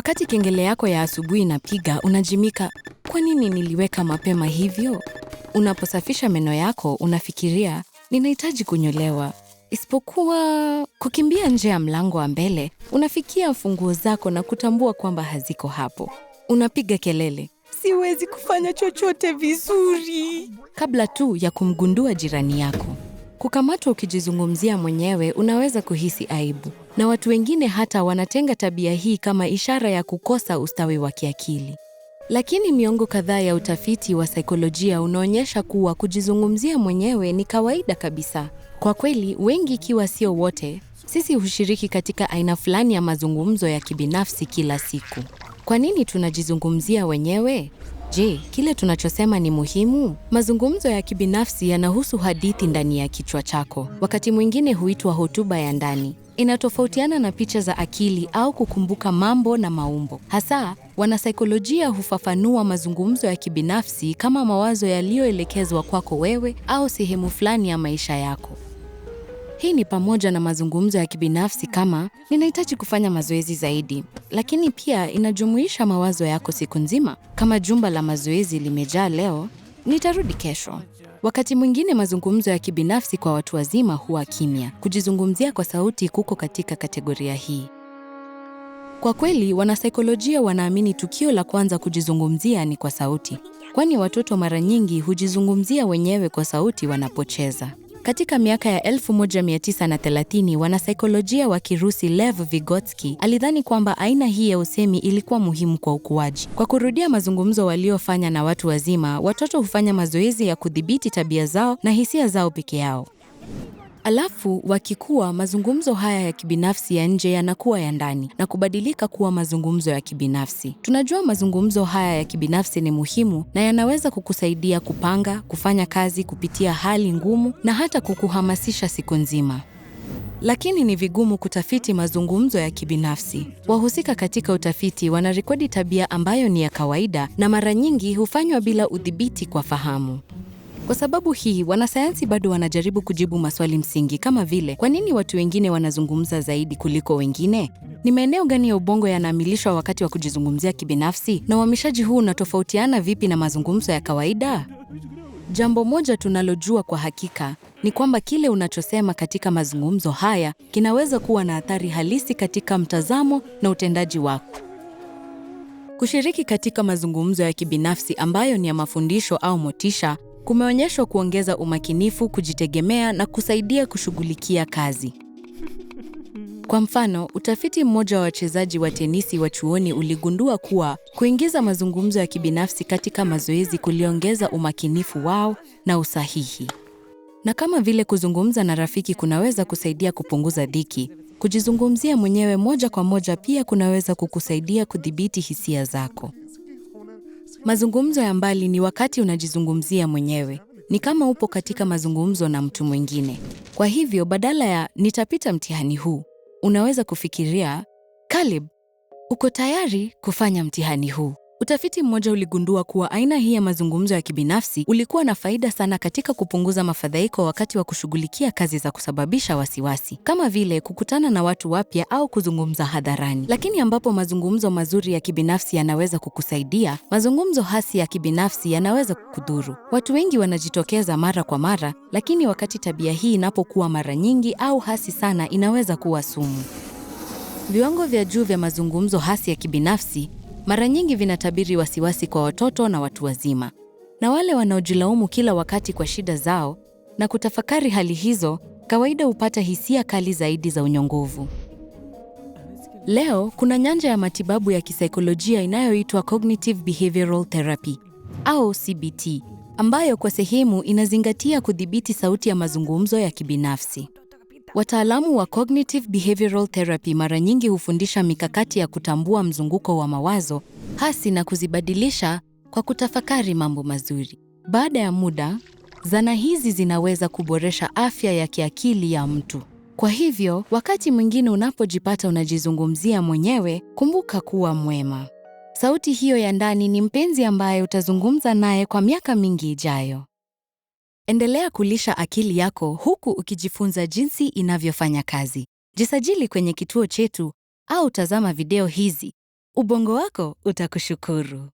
Wakati kengele yako ya asubuhi inapiga, unajimika, kwa nini niliweka mapema hivyo? Unaposafisha meno yako, unafikiria, ninahitaji kunyolewa. Isipokuwa kukimbia nje ya mlango wa mbele, unafikia funguo zako na kutambua kwamba haziko hapo. Unapiga kelele, siwezi kufanya chochote vizuri, kabla tu ya kumgundua jirani yako. Kukamatwa ukijizungumzia mwenyewe, unaweza kuhisi aibu na watu wengine hata wanatenga tabia hii kama ishara ya kukosa ustawi wa kiakili. Lakini miongo kadhaa ya utafiti wa saikolojia unaonyesha kuwa kujizungumzia mwenyewe ni kawaida kabisa. Kwa kweli, wengi ikiwa sio wote, sisi hushiriki katika aina fulani ya mazungumzo ya kibinafsi kila siku. Kwa nini tunajizungumzia wenyewe? Je, kile tunachosema ni muhimu? Mazungumzo ya kibinafsi yanahusu hadithi ndani ya kichwa chako, wakati mwingine huitwa hotuba ya ndani inatofautiana na picha za akili au kukumbuka mambo na maumbo. Hasa wanasaikolojia hufafanua mazungumzo ya kibinafsi kama mawazo yaliyoelekezwa kwako wewe au sehemu fulani ya maisha yako. Hii ni pamoja na mazungumzo ya kibinafsi kama ninahitaji kufanya mazoezi zaidi, lakini pia inajumuisha mawazo yako siku nzima, kama jumba la mazoezi limejaa leo, nitarudi kesho. Wakati mwingine mazungumzo ya kibinafsi kwa watu wazima huwa kimya. Kujizungumzia kwa sauti kuko katika kategoria hii. Kwa kweli, wanasaikolojia wanaamini tukio la kwanza kujizungumzia ni kwa sauti, kwani watoto mara nyingi hujizungumzia wenyewe kwa sauti wanapocheza. Katika miaka ya 1930 wanasaikolojia wa Kirusi Lev Vygotsky alidhani kwamba aina hii ya usemi ilikuwa muhimu kwa ukuaji. Kwa kurudia mazungumzo waliofanya na watu wazima, watoto hufanya mazoezi ya kudhibiti tabia zao na hisia zao peke yao. Alafu wakikuwa mazungumzo haya ya kibinafsi ya nje yanakuwa ya ndani na kubadilika kuwa mazungumzo ya kibinafsi. Tunajua mazungumzo haya ya kibinafsi ni muhimu na yanaweza kukusaidia kupanga, kufanya kazi, kupitia hali ngumu na hata kukuhamasisha siku nzima. Lakini ni vigumu kutafiti mazungumzo ya kibinafsi. Wahusika katika utafiti wanarekodi tabia ambayo ni ya kawaida na mara nyingi hufanywa bila udhibiti kwa fahamu. Kwa sababu hii, wanasayansi bado wanajaribu kujibu maswali msingi kama vile kwa nini watu wengine wanazungumza zaidi kuliko wengine? Ni maeneo gani ya ubongo yanaamilishwa wakati wa kujizungumzia kibinafsi, na uhamishaji huu unatofautiana vipi na mazungumzo ya kawaida? Jambo moja tunalojua kwa hakika ni kwamba kile unachosema katika mazungumzo haya kinaweza kuwa na athari halisi katika mtazamo na utendaji wako. Kushiriki katika mazungumzo ya kibinafsi ambayo ni ya mafundisho au motisha kumeonyeshwa kuongeza umakinifu, kujitegemea na kusaidia kushughulikia kazi. Kwa mfano, utafiti mmoja wa wachezaji wa tenisi wa chuoni uligundua kuwa kuingiza mazungumzo ya kibinafsi katika mazoezi kuliongeza umakinifu wao na usahihi. Na kama vile kuzungumza na rafiki kunaweza kusaidia kupunguza dhiki, kujizungumzia mwenyewe moja kwa moja pia kunaweza kukusaidia kudhibiti hisia zako. Mazungumzo ya mbali ni wakati unajizungumzia mwenyewe, ni kama upo katika mazungumzo na mtu mwingine. Kwa hivyo, badala ya nitapita mtihani huu, unaweza kufikiria Caleb, uko tayari kufanya mtihani huu? Utafiti mmoja uligundua kuwa aina hii ya mazungumzo ya kibinafsi ulikuwa na faida sana katika kupunguza mafadhaiko wakati wa kushughulikia kazi za kusababisha wasiwasi, kama vile kukutana na watu wapya au kuzungumza hadharani. Lakini ambapo mazungumzo mazuri ya kibinafsi yanaweza kukusaidia, mazungumzo hasi ya kibinafsi yanaweza kukudhuru. Watu wengi wanajitokeza mara kwa mara, lakini wakati tabia hii inapokuwa mara nyingi au hasi sana, inaweza kuwa sumu. Viwango vya juu vya mazungumzo hasi ya kibinafsi mara nyingi vinatabiri wasiwasi kwa watoto na watu wazima, na wale wanaojilaumu kila wakati kwa shida zao na kutafakari hali hizo, kawaida hupata hisia kali zaidi za unyongovu. Leo kuna nyanja ya matibabu ya kisaikolojia inayoitwa Cognitive Behavioral Therapy au CBT, ambayo kwa sehemu inazingatia kudhibiti sauti ya mazungumzo ya kibinafsi. Wataalamu wa cognitive behavioral therapy mara nyingi hufundisha mikakati ya kutambua mzunguko wa mawazo hasi na kuzibadilisha kwa kutafakari mambo mazuri. Baada ya muda, zana hizi zinaweza kuboresha afya ya kiakili ya mtu. Kwa hivyo, wakati mwingine unapojipata unajizungumzia mwenyewe, kumbuka kuwa mwema. Sauti hiyo ya ndani ni mpenzi ambaye utazungumza naye kwa miaka mingi ijayo. Endelea kulisha akili yako huku ukijifunza jinsi inavyofanya kazi. Jisajili kwenye kituo chetu au tazama video hizi. Ubongo wako utakushukuru.